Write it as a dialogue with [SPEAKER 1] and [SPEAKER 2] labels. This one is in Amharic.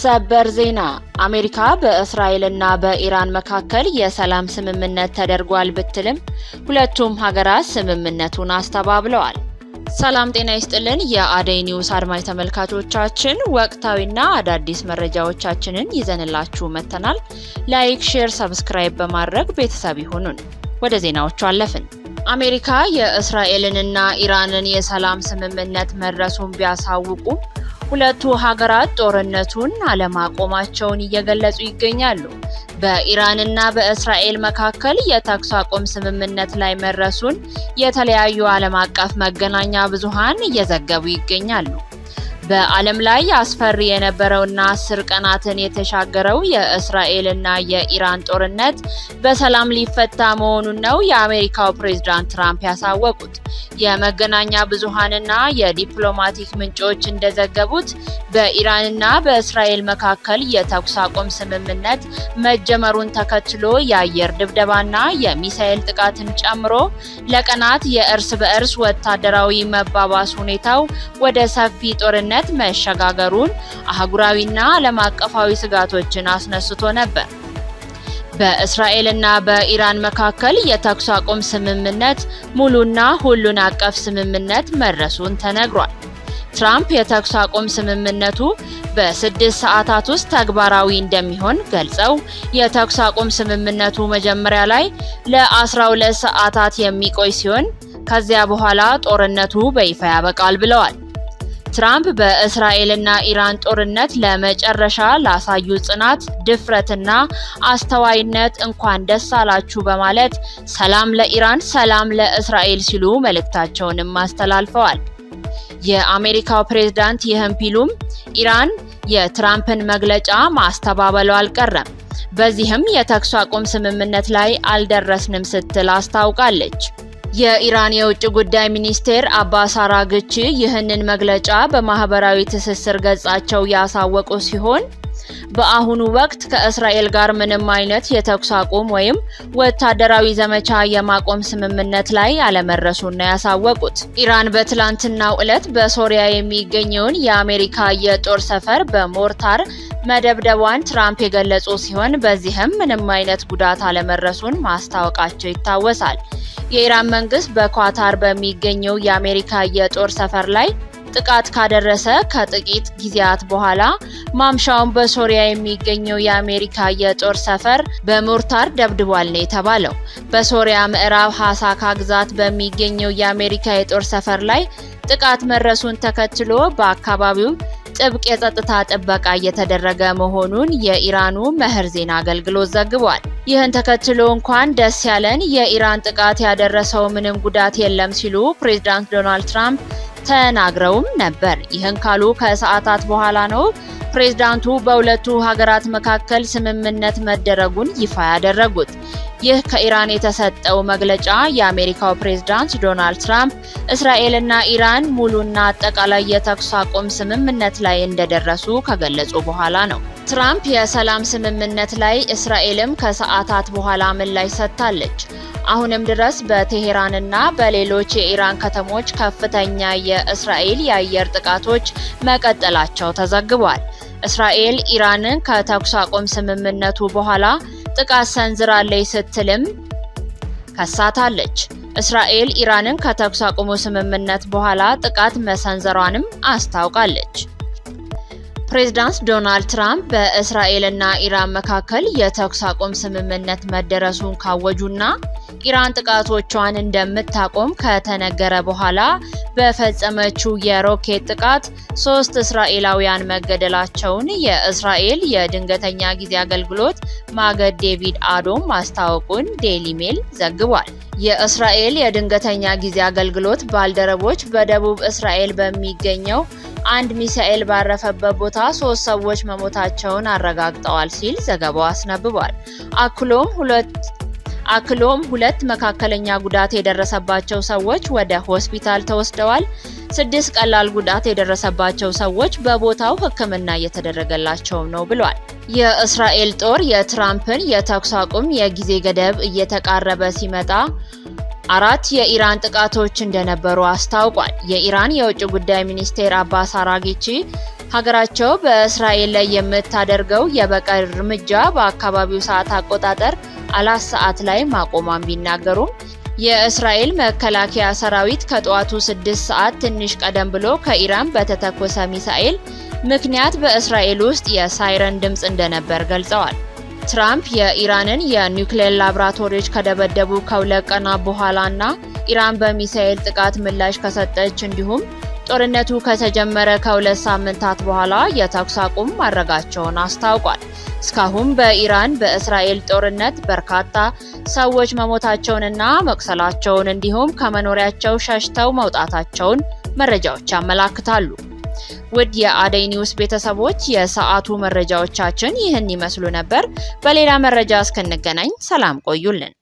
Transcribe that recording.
[SPEAKER 1] ሰበር ዜና አሜሪካ በእስራኤልና በኢራን መካከል የሰላም ስምምነት ተደርጓል ብትልም ሁለቱም ሀገራት ስምምነቱን አስተባብለዋል። ሰላም ጤና ይስጥልን። የአደይ ኒውስ አድማጭ ተመልካቾቻችን ወቅታዊና አዳዲስ መረጃዎቻችንን ይዘንላችሁ መጥተናል። ላይክ፣ ሼር፣ ሰብስክራይብ በማድረግ ቤተሰብ ይሁኑን። ወደ ዜናዎቹ አለፍን። አሜሪካ የእስራኤልንና ኢራንን የሰላም ስምምነት መድረሱን ቢያሳውቁም ሁለቱ ሀገራት ጦርነቱን አለማቆማቸውን እየገለጹ ይገኛሉ። በኢራንና በእስራኤል መካከል የተኩስ አቁም ስምምነት ላይ መድረሱን የተለያዩ ዓለም አቀፍ መገናኛ ብዙሃን እየዘገቡ ይገኛሉ። በዓለም ላይ አስፈሪ የነበረውና አስር ቀናትን የተሻገረው የእስራኤልና የኢራን ጦርነት በሰላም ሊፈታ መሆኑን ነው የአሜሪካው ፕሬዝዳንት ትራምፕ ያሳወቁት። የመገናኛ ብዙሃንና የዲፕሎማቲክ ምንጮች እንደዘገቡት በኢራንና በእስራኤል መካከል የተኩስ አቁም ስምምነት መጀመሩን ተከትሎ የአየር ድብደባና የሚሳኤል ጥቃትን ጨምሮ ለቀናት የእርስ በእርስ ወታደራዊ መባባስ ሁኔታው ወደ ሰፊ ጦርነት ጦርነት መሸጋገሩን አህጉራዊና ዓለም አቀፋዊ ስጋቶችን አስነስቶ ነበር። በእስራኤልና በኢራን መካከል የተኩስ አቁም ስምምነት ሙሉና ሁሉን አቀፍ ስምምነት መድረሱን ተነግሯል። ትራምፕ የተኩስ አቁም ስምምነቱ በስድስት ሰዓታት ውስጥ ተግባራዊ እንደሚሆን ገልጸው የተኩስ አቁም ስምምነቱ መጀመሪያ ላይ ለ12 ሰዓታት የሚቆይ ሲሆን ከዚያ በኋላ ጦርነቱ በይፋ ያበቃል ብለዋል። ትራምፕ በእስራኤልና ኢራን ጦርነት ለመጨረሻ ላሳዩ ጽናት፣ ድፍረትና አስተዋይነት እንኳን ደስ አላችሁ በማለት ሰላም ለኢራን፣ ሰላም ለእስራኤል ሲሉ መልእክታቸውንም አስተላልፈዋል። የአሜሪካው ፕሬዝዳንት ይህም ቢሉም ኢራን የትራምፕን መግለጫ ማስተባበሉ አልቀረም። በዚህም የተኩስ አቁም ስምምነት ላይ አልደረስንም ስትል አስታውቃለች። የኢራን የውጭ ጉዳይ ሚኒስቴር አባስ አራግቺ ይህንን መግለጫ በማህበራዊ ትስስር ገጻቸው ያሳወቁ ሲሆን በአሁኑ ወቅት ከእስራኤል ጋር ምንም አይነት የተኩስ አቁም ወይም ወታደራዊ ዘመቻ የማቆም ስምምነት ላይ አለመድረሱን ነው ያሳወቁት። ኢራን በትላንትናው ዕለት በሶሪያ የሚገኘውን የአሜሪካ የጦር ሰፈር በሞርታር መደብደቧን ትራምፕ የገለጹ ሲሆን በዚህም ምንም አይነት ጉዳት አለመድረሱን ማስታወቃቸው ይታወሳል። የኢራን መንግስት በኳታር በሚገኘው የአሜሪካ የጦር ሰፈር ላይ ጥቃት ካደረሰ ከጥቂት ጊዜያት በኋላ ማምሻውን በሶሪያ የሚገኘው የአሜሪካ የጦር ሰፈር በሞርታር ደብድቧል ነው የተባለው። በሶሪያ ምዕራብ ሀሳካ ግዛት በሚገኘው የአሜሪካ የጦር ሰፈር ላይ ጥቃት መድረሱን ተከትሎ በአካባቢው ጥብቅ የጸጥታ ጥበቃ እየተደረገ መሆኑን የኢራኑ መህር ዜና አገልግሎት ዘግቧል። ይህን ተከትሎ እንኳን ደስ ያለን የኢራን ጥቃት ያደረሰው ምንም ጉዳት የለም ሲሉ ፕሬዚዳንት ዶናልድ ትራምፕ ተናግረውም ነበር። ይህን ካሉ ከሰዓታት በኋላ ነው ፕሬዝዳንቱ በሁለቱ ሀገራት መካከል ስምምነት መደረጉን ይፋ ያደረጉት። ይህ ከኢራን የተሰጠው መግለጫ የአሜሪካው ፕሬዝዳንት ዶናልድ ትራምፕ እስራኤልና ኢራን ሙሉና አጠቃላይ የተኩስ አቁም ስምምነት ላይ እንደደረሱ ከገለጹ በኋላ ነው። ትራምፕ የሰላም ስምምነት ላይ እስራኤልም ከሰዓታት በኋላ ምላሽ ሰጥታለች። አሁንም ድረስ በቴሄራንና በሌሎች የኢራን ከተሞች ከፍተኛ የእስራኤል የአየር ጥቃቶች መቀጠላቸው ተዘግቧል። እስራኤል ኢራንን ከተኩስ አቁም ስምምነቱ በኋላ ጥቃት ሰንዝራለች ስትልም ከሳታለች። እስራኤል ኢራንን ከተኩስ አቁሙ ስምምነት በኋላ ጥቃት መሰንዘሯንም አስታውቃለች። ፕሬዝዳንት ዶናልድ ትራምፕ በእስራኤልና ኢራን መካከል የተኩስ አቁም ስምምነት መደረሱን ካወጁና ኢራን ጥቃቶቿን እንደምታቆም ከተነገረ በኋላ በፈጸመችው የሮኬት ጥቃት ሶስት እስራኤላውያን መገደላቸውን የእስራኤል የድንገተኛ ጊዜ አገልግሎት ማገድ ዴቪድ አዶም ማስታወቁን ዴይሊ ሜል ዘግቧል። የእስራኤል የድንገተኛ ጊዜ አገልግሎት ባልደረቦች በደቡብ እስራኤል በሚገኘው አንድ ሚሳኤል ባረፈበት ቦታ ሶስት ሰዎች መሞታቸውን አረጋግጠዋል ሲል ዘገባው አስነብቧል። አክሎም ሁለት አክሎም ሁለት መካከለኛ ጉዳት የደረሰባቸው ሰዎች ወደ ሆስፒታል ተወስደዋል። ስድስት ቀላል ጉዳት የደረሰባቸው ሰዎች በቦታው ሕክምና እየተደረገላቸው ነው ብሏል። የእስራኤል ጦር የትራምፕን የተኩስ አቁም የጊዜ ገደብ እየተቃረበ ሲመጣ አራት የኢራን ጥቃቶች እንደነበሩ አስታውቋል። የኢራን የውጭ ጉዳይ ሚኒስቴር አባስ አራጊቺ ሀገራቸው በእስራኤል ላይ የምታደርገው የበቀል እርምጃ በአካባቢው ሰዓት አቆጣጠር አራት ሰዓት ላይ ማቆሟን ቢናገሩም የእስራኤል መከላከያ ሰራዊት ከጠዋቱ 6 ሰዓት ትንሽ ቀደም ብሎ ከኢራን በተተኮሰ ሚሳኤል ምክንያት በእስራኤል ውስጥ የሳይረን ድምፅ እንደነበር ገልጸዋል። ትራምፕ የኢራንን የኒውክሌር ላብራቶሪዎች ከደበደቡ ከሁለት ቀናት በኋላና ኢራን በሚሳኤል ጥቃት ምላሽ ከሰጠች እንዲሁም ጦርነቱ ከተጀመረ ከሁለት ሳምንታት በኋላ የተኩስ አቁም ማድረጋቸውን አስታውቋል። እስካሁን በኢራን በእስራኤል ጦርነት በርካታ ሰዎች መሞታቸውንና መቁሰላቸውን እንዲሁም ከመኖሪያቸው ሸሽተው መውጣታቸውን መረጃዎች ያመላክታሉ። ውድ የአደይ ኒውስ ቤተሰቦች የሰዓቱ መረጃዎቻችን ይህን ይመስሉ ነበር። በሌላ መረጃ እስክንገናኝ ሰላም ቆዩልን።